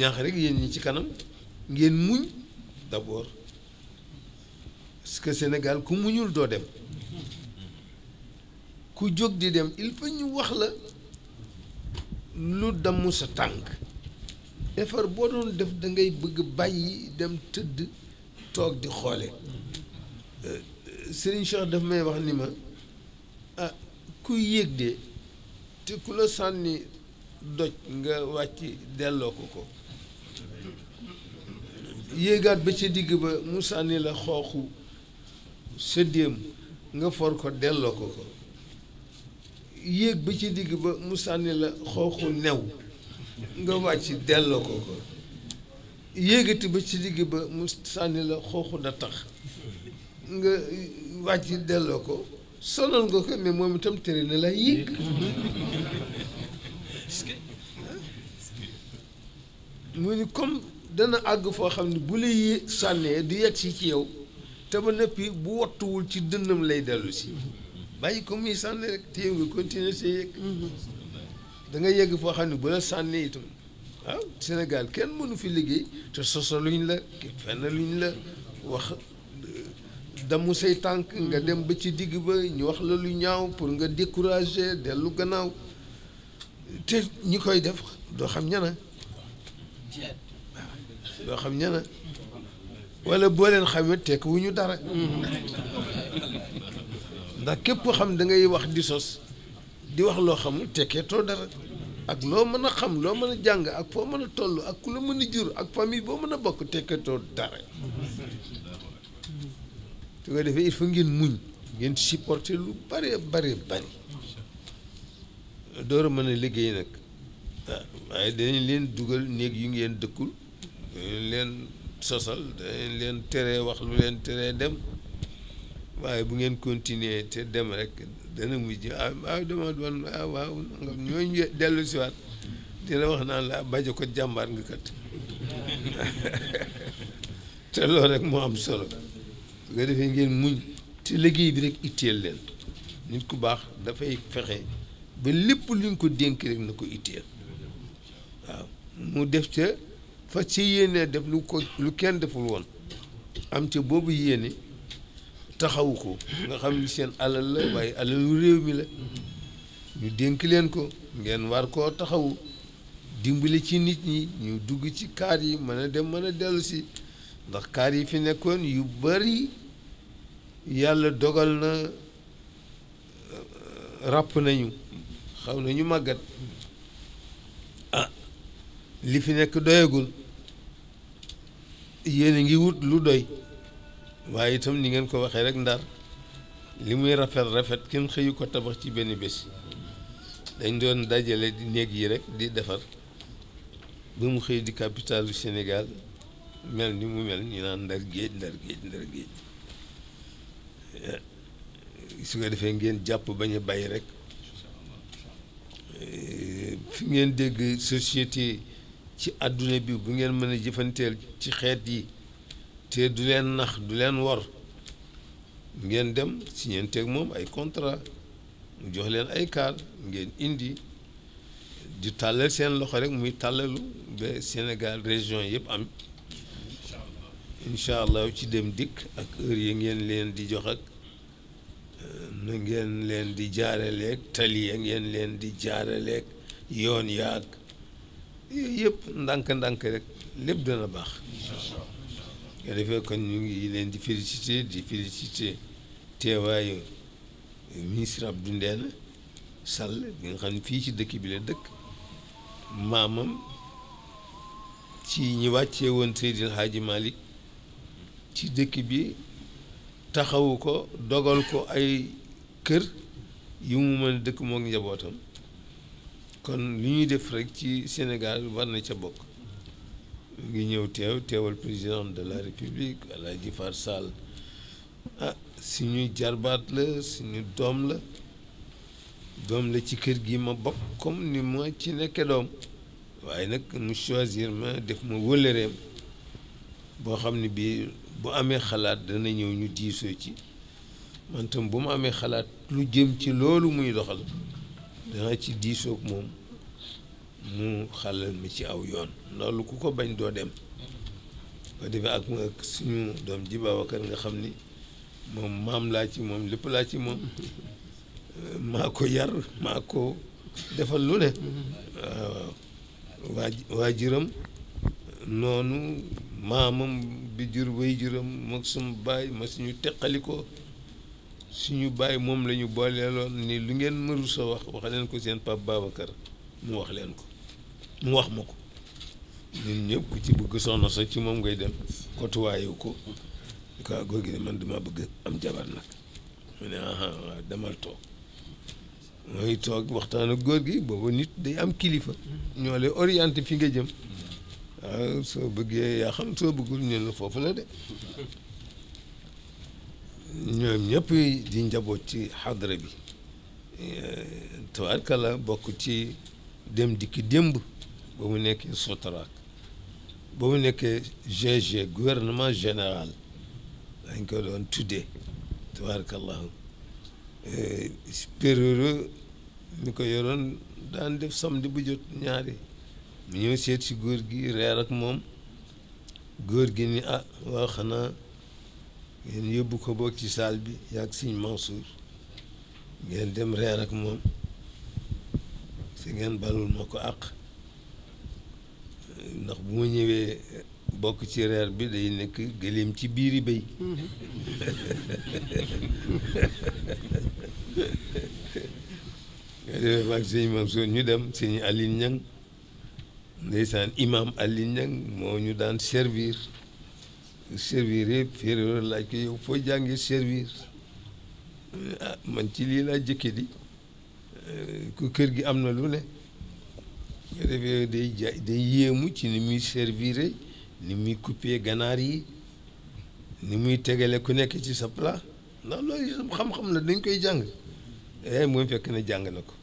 ñaax rek yéen ñi ci kanam ngeen muñ d'abord parce que Sénégal ku muñul doo dem ku jóg di dem il faut ñu wax la lu damm sa tànk defar boo doon def dangay bëgg bàyyi dem tëdd toog di xoole euh, Serigne Cheikh daf may wax ni ma ah ku yéeg de te ku la sànni doj nga wàcc delloo ko ko yéegaat ba ci digg ba mu sànni la xooxu sëddéem nga for ko delloo ko ko yéeg ba ci digg ba mu sànni la xooxu new nga wàcc delloo ko ko yéegati ba ci digg ba mu sànni la xooxu datax nga wàcc delloo ko sonal nga ko mais moom itam tere na la yéeg mu ni comme dana àgg foo xam ne bu lay sànnee di yegg si ci yow te ba noppi bu wattuwul ci dënnam lay dellu si bàyyi ko muy sànni rek te yow nga continuer yëg da nga foo xam ne bu la sànnee itam waaw Sénégal kenn mënu fi liggéey te sosaluñ la fenn ñu la wax damu say tànk nga mm-hmm. dem ba ci digg ba ñu wax la lu ñaaw pour nga décourager dellu gannaaw te ñi koy def doo xam ñana yoo xam ña na wala boo leen xamee tekk wu ñu dara ndax képp xam da ngay wax di sos di wax loo xamul tekkee too dara ak loo mën a xam loo mën a jàng ak foo mën a toll ak ku la mën a jur ak famille boo mën a bokk tekkee too dara su ko defee il faut ngeen muñ ngeen supporter lu bare bare bari door a mën a liggéey nag ah, waaye danañ leen dugal néeg yu ngeen dëkkul dañ leen sosal dañ leen teree wax lu leen teree dem waaye bu ngeen continuer te dem rek dana mujj ah ah dama doon ah waaw nga ñooñu wax naan la ah, bajo ko jàmbaar nga kat te loolu rek moo solo su ko ngeen muñ te liggéey bi rek itteel leen nit ku baax dafay fexe ba lépp luñ ko dénk rek na ko itteel waaw mu def ca. fa ci yéenee def lu ko lu kenn deful woon am ca boobu yéene taxawu ko nga xam ni seen alal la waaye alalu réew mi la ñu dénk leen ko ngeen war koo taxawu dimbali ci nit ñi ñu dugg ci kaar yi mën a dem mën a dellu si ndax kaar yi fi nekkoon yu bari yàlla dogal na euh, ràpp nañu xaw nañu màggat ah li fi nekk doyagul yéen a ngi wut lu doy waaye itam ni ngeen ko waxee rek ndar li muy rafet rafet kenn xëyu ko tabax ci benn bés dañ doon dajale di néeg yi rek di defar ba mu xëy di capitalu Sénégal mel ni mu mel ñu naan ndar géej ndar géej ndar géej eh, su ko defee ngeen jàpp ba ñu bàyyi rek eh, fi ngeen dégg société ci àdduna bi bu ngeen mën a jëfanteel ci xeet yi te du leen nax du leen wor ngeen dem signeenteeg moom ay contrat mu jox leen ay kaar ngeen indi di tàllal seen loxo rek muy tàllalu ba Sénégal région yëpp am incha allah ci dem dikk ak heure yi ngeen leen di jox ak euh, na ngeen leen di jaaraleeg tali ya ngeen leen di jaaraleek yoon ak yooyu ndànk-ndànk rek lépp dana baax nga defee kon ñu ngi leen di félicité di félicité teewaayu ministre Abdou Ndéne Sall bi nga xam ne fii ci dëkk bi la dëkk maamam ci ñi wàccee woon Seydil Hadji Malick ci dëkk bi taxawu ko dogal ko ay kër yu mu mën dëkk mook njabootam kon lu ñuy def rekk ci Sénégal war na ca bokk mu ngi ñëw teew teewal président de la république El Hadji Far Sall ah jarbaat la suñu doom la doom la ci kër gi ma bokk comme ni ma ci nekke doom waaye nag mu choisir ma def ma wëllëreem boo xam ne bii bu amee xalaat dana ñëw ñu diisoo ci man bu mu amee xalaat lu jëm ci loolu muy doxal danga ci diisoog moom mu xàllal mi ci aw yoon loolu ku ko bañ doo dem ko defee ak suñu doom ji Babacar nga xam ni moom maam laa ci moom lépp laa ci moom maa ko yar maa ko defal lu ne mm-hmm. waaw waa waajuram noonu maamam bi jur way juram mag suñu baay ma suñu teqali ko suñu baay moom lañu booleeloon ni lu ngeen mëru sa wax wax leen ko seen pap Babacar mu wax leen ko mu wax ma ko ñun ñëpp ku ci bëgg soxna sa ci moom ngay dem kotuwaayu ko di ko góor gi ne man dama bëgg am jabar nag mu ne demal toog mooy toog waxtaan góor gi boobu nit day am kilifa ñoo lay orienté fi nga jëm waaw soo bëggee yaa xam soo bëggul ñun la foofu la de ñoom ñëpp di njaboot ci xadra bi eh, tabaarkalla bokk ci dem dikk démb ba mu nekkee sotorak ba nekkee GG gouvernement général dañ ko doon tuddee tabarakallahu eh, supérieur mi ko yoroon daan def samedi bu jot ñaari mu ñëw seet si góor gi reer moom góor gi ni ah waa xanaa ngeen yóbbu ko boog ci saal bi yàgg siñ Mansour ngeen dem reer moom si ngeen balul ma ko àq ndax bu ma ñëwee bokk ci reer bi day nekk gëléem ci biiri béy nga defee maag sëñ Mansour ñu dem sëñ Aline Niang ndeysaan imam Aline Niang moo ñu daan servir servir yëpp féeréer laaj ko yow foo jàngee servir ah, man ci lii laa jëkke di ku kër gi am na lu ne nga defee day jaay day yéemu ci ni muy servire ni muy couper ganaar yi ni muy tegale ku nekk ci sa plat ndax loolu xam-xam la dañ koy jàng yaay eh, moom fekk na jàng na ko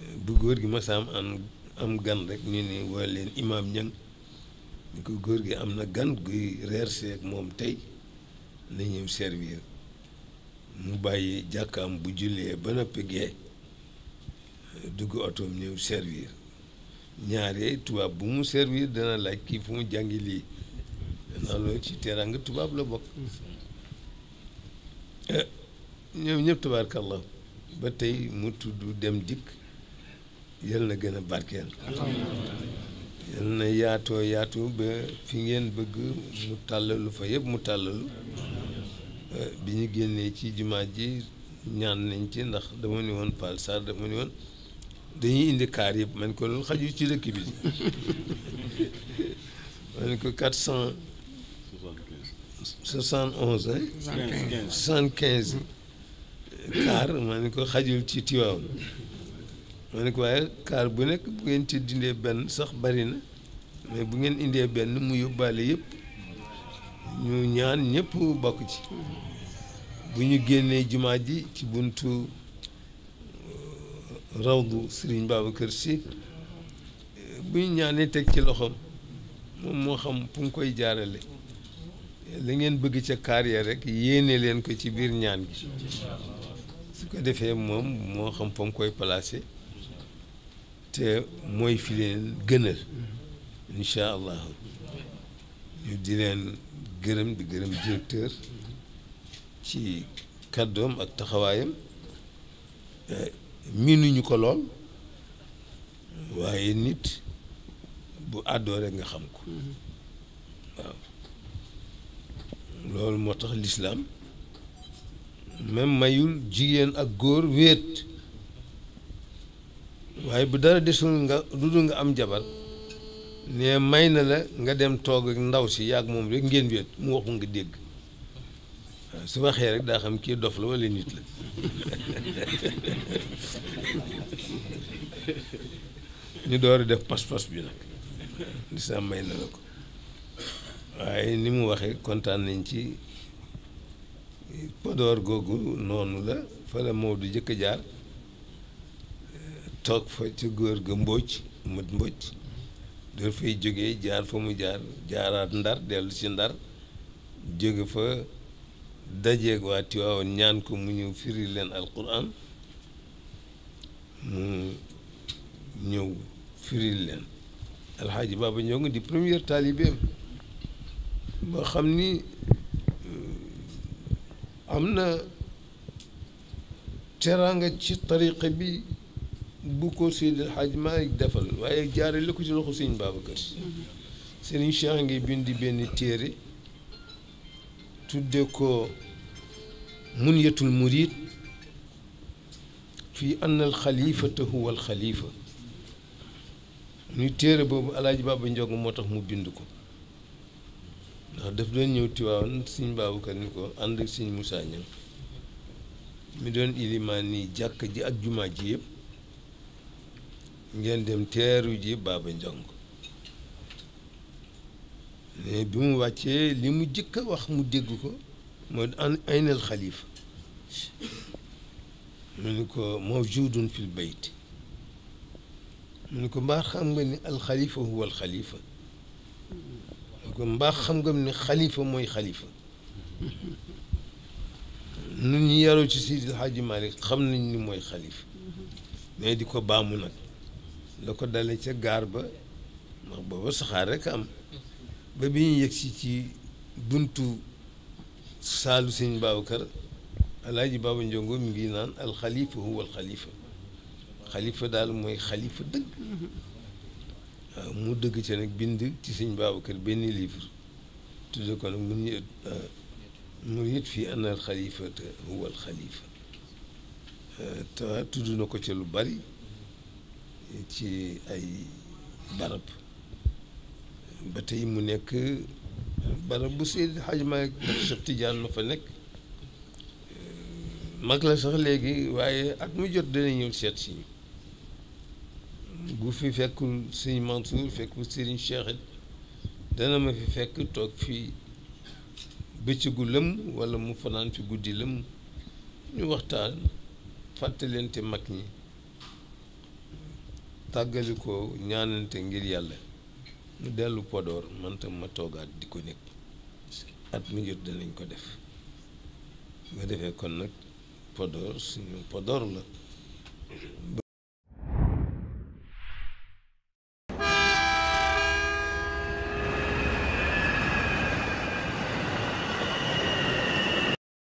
eh, bu góor gi masaam am am gan rek ñu ne woo leen imaam ñang ni ko góor gi am na gan guy reer seeg moom tey na ñëw servir mu bàyyi jàkkam bu jullee ba noppi gee dugg otoom ñëw servir ñaare tubaab bu mu servir dana laaj kii fu mu jàngi lii danaa loolu ci teraanga tubaab la bokk eh, ñoom ñëpp tabaarkalla ba tey mu tudd dem dikk yal na gën a barkeel yal na yaatoo yaatoo ba fi ngeen bëgg mu tàllalu fa yëpp mu tàllalu bi ñu génnee ci jumaat ji ñaan nañ ci ndax dama ni woon Fall dama ni woon dañuy indi kaar yëpp man ko loolu xaju ci dëkk bi man ko quatre cent soixante onze quinze kaar man ko xajul ci Tiwaawan ma ne ko waaye kaar bu nekk bu ngeen ci dindee benn sax bari na mais bu ngeen indee benn mu yóbbaale yëpp ñu ñaan ñëpp bokk ci bu ñu génnee jumaa ji ci buntu euh, rawdu Serigne kër si bu ñu ñaanee teg ci loxoom moom moo xam fu koy jaarale la ngeen bëgg ca kaar rekk rek leen ko ci biir ñaan gi su ko defee moom moo xam fa koy placé te mooy fi leen gënal incha allah ñu di leen gërëm di gërëm directeur ci kàddoom ak taxawaayam eh, miinuñu ko lool waaye nit bu àddoo nga xam ko waaw loolu moo tax lislaam même mayul jigéen ak góor wéet waaye bu dara desul nga lu dul nga am jabar ne may na la nga dem toog ak ndaw si yàgg moom rek ngeen wéet mu waxu nga dégg su waxee rek daa xam kii dof la walla nit la ñu door a def pas-pas bi nag lislaam may na la ko waaye ni mu waxee kontaan nañ ci Podor googu noonu la fa la Maodo jëkk jaar toog fa ci góor ga Mbóoj mët Mbóoj doo fay jógee jaar fa mu jaar jaaraat ndar dellu ci ndar jóge fa dajeeg waa Tiwaawan ñaan ko mu ñëw firi leen alquran ñëw firi leen alxaaji Baaba Ñoŋ di premier taalibeem boo xam ni am na teraanga ci tariqa bi bu ko Seydil Hadj Malick defal waaye jaare la ko ci loxo sëñ Babacar Serigne Cheikh ngi bindi benn téere tudde ko munyatul murid fi anna al xalifata huwa al xalifa ñu téere boobu alaaji Baba Ndiog moo tax mu bind ko ndax daf doon ñëw Tiwaawan sëñ Babacar ni ko ànd ak sëñ Moussa Niang mi doon ilimaan ni jàkk ji ak jumaa ji yëpp ngeen dem teeru ji Baba Njong mais bi mu wàccee li mu jëkk a wax mu dégg ko moo aynal xalifa mu ni ko mawjudun fil bayt mu ni ko mbaa mu ni ko mbaa xam nga ni xalifa mooy xalifa nu ñu yaroo ci Seydi El Hadji Malick xam nañ ni mooy xalifa mais di ko baamu nag la ko dale ca gaar ba ndax booba saxaar rek am ba bi ñu yegsi ci buntu saalu sëñ Babacar alaaji Baba Ndiongo mi ngi naan alxalifa huwa alxalifa xalifa daal mooy xalifa dëgg waaw mu dëgg ca nag bind ci sëñ Babacar benn livre tudde ko nag mun fii ana alxalifa te huwa alxalifa te tudd na ko ca lu bari ci ay barab ba tey mu nekk barab bu Seydi Hajj Maalik ndax Cheikh Tidiane ma fa nekk euh, mag la sax léegi waaye ak mu jot dana ñëw seet si bu fi fekkul sëñ Mansour fekkul sëriñ Cheikh it dana ma fi fekk toog fi bëccëgu lëm wala mu fanaan fi guddi lëm ñu waxtaan fàttalente mag ñi tàggali ko ñaanante ngir yàlla mu dellu podoor man ma toogaat di ko nekk at mi jot danañ ko def nga defee kon nag Podor suñu Podor la.